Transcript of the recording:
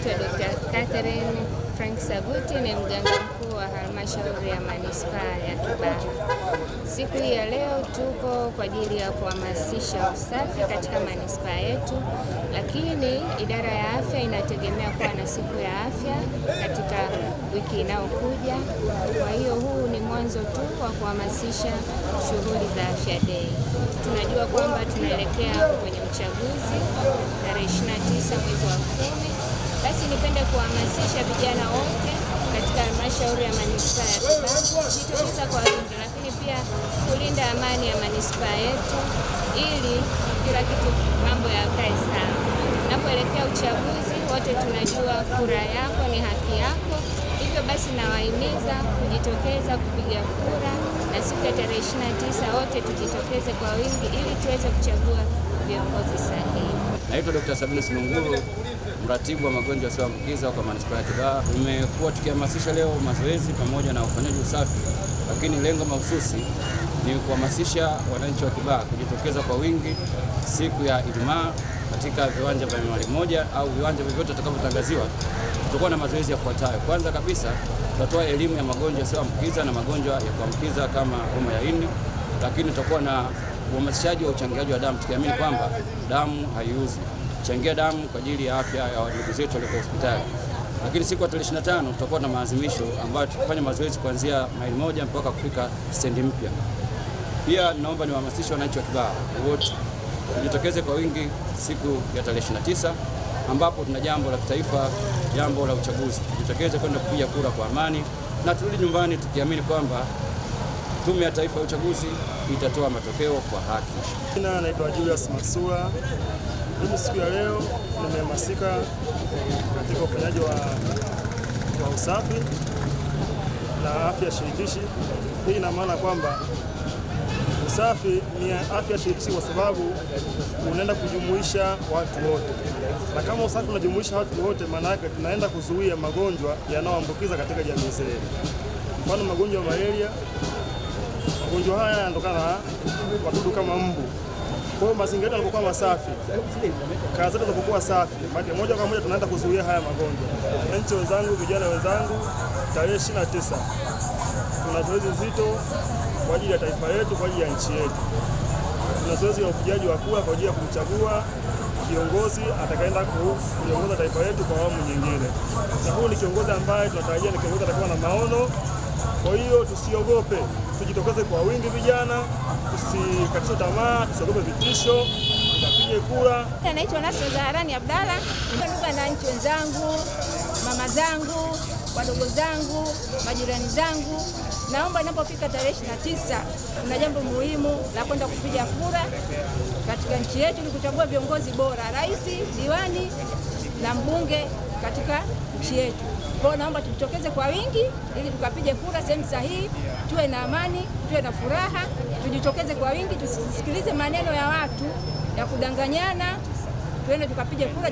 Naitwa Dkt. Catherine Frank Sabuti, ni mganga mkuu wa halmashauri ya manispaa ya Kibaha. Siku hii ya leo tuko kwa ajili ya kuhamasisha usafi katika manispaa yetu, lakini idara ya afya inategemea kuwa na siku ya afya katika wiki inayokuja. Kwa hiyo huu ni mwanzo tu wa kuhamasisha shughuli za afya day. Tunajua kwamba tunaelekea kwenye uchaguzi tarehe 29 mwezi wa kumi. Basi nipende kuhamasisha vijana wote katika halmashauri ya manispaa ya Kibaha kujitokeza kwa wingi, lakini pia kulinda amani ya manispaa yetu ili kila kitu mambo yakae sawa. Napoelekea uchaguzi, wote tunajua kura yako ni haki yako. Hivyo basi nawahimiza kujitokeza kupiga kura na siku ya tarehe 29 wote tujitokeze kwa wingi ili tuweze kuchagua viongozi sahihi. Naitwa Dr. Sabinus Simunguru, mratibu wa magonjwa yasiyoambukiza kwa manispaa ya Kibaha. Tumekuwa tukihamasisha leo mazoezi pamoja na ufanyaji usafi, lakini lengo mahususi ni kuhamasisha wananchi wa Kibaha kujitokeza kwa wingi siku ya Ijumaa katika viwanja vya Mwalimu moja au viwanja vyovyote vitakavyotangaziwa. Tutakuwa na mazoezi yafuatayo. Kwanza kabisa, tutatoa elimu ya magonjwa yasiyoambukiza na magonjwa ya kuambukiza kama homa ya ini, lakini tutakuwa na uhamasishaji wa uchangiaji wa damu, tukiamini kwamba damu haiuzi. Changia damu kwa ajili ya afya ya ndugu zetu walioko hospitali. Lakini siku ya tarehe 25 tutakuwa na maadhimisho ambayo tutafanya mazoezi kuanzia maili moja mpaka kufika stendi mpya. Pia naomba niwahamasishe wananchi wa Kibaha wote tujitokeze kwa wingi siku ya tarehe 29 ambapo tuna jambo la kitaifa, jambo la uchaguzi. Tujitokeze kwenda kupiga kura kwa amani na turudi nyumbani tukiamini kwamba Tume ya Taifa ya Uchaguzi itatoa matokeo kwa haki. Jina naitwa Julius masua Mimi siku ya leo nimehamasika katika ufanyaji wa, wa usafi na afya shirikishi. Hii ina maana kwamba usafi ni afya shirikishi kwa sababu unaenda kujumuisha watu wote, na kama usafi unajumuisha watu wote, maana yake tunaenda kuzuia magonjwa yanayoambukiza katika jamii zetu, mfano magonjwa ya malaria magonjwa haya yanatokana na wadudu kama mbu. Kwa hiyo mazingira yetu yanapokuwa masafi, kazi zetu zinapokuwa safi, maana moja kwa moja tunaenda kuzuia haya magonjwa. Wananchi wenzangu, vijana wenzangu, tarehe 29 tuna zoezi zito kwa ajili ya taifa letu, kwa ajili ya nchi yetu. Tuna zoezi la upigaji wa kura kwa ajili ya kumchagua kiongozi atakaenda kuongoza taifa letu kwa awamu nyingine, na huyu ni kiongozi ambaye tunatarajia ni kiongozi atakuwa na maono kwa hiyo tusiogope, tujitokeze kwa wingi vijana, tusikatishe tamaa, tusiogope vitisho, tukapige kura. Anaitwa Nasra Zaharani Abdalla, ndugu na nchi wenzangu, mama zangu, wadogo zangu, majirani zangu, naomba inapofika tarehe ishirini na tisa kuna jambo muhimu la kwenda kupiga kura katika nchi yetu, ni kuchagua viongozi bora, rais, diwani na mbunge katika nchi yetu. Kwa naomba tujitokeze kwa wingi ili tukapige kura sehemu sahihi, tuwe na amani, tuwe na furaha, tujitokeze kwa wingi, tusisikilize maneno ya watu ya kudanganyana, tuende tukapige kura.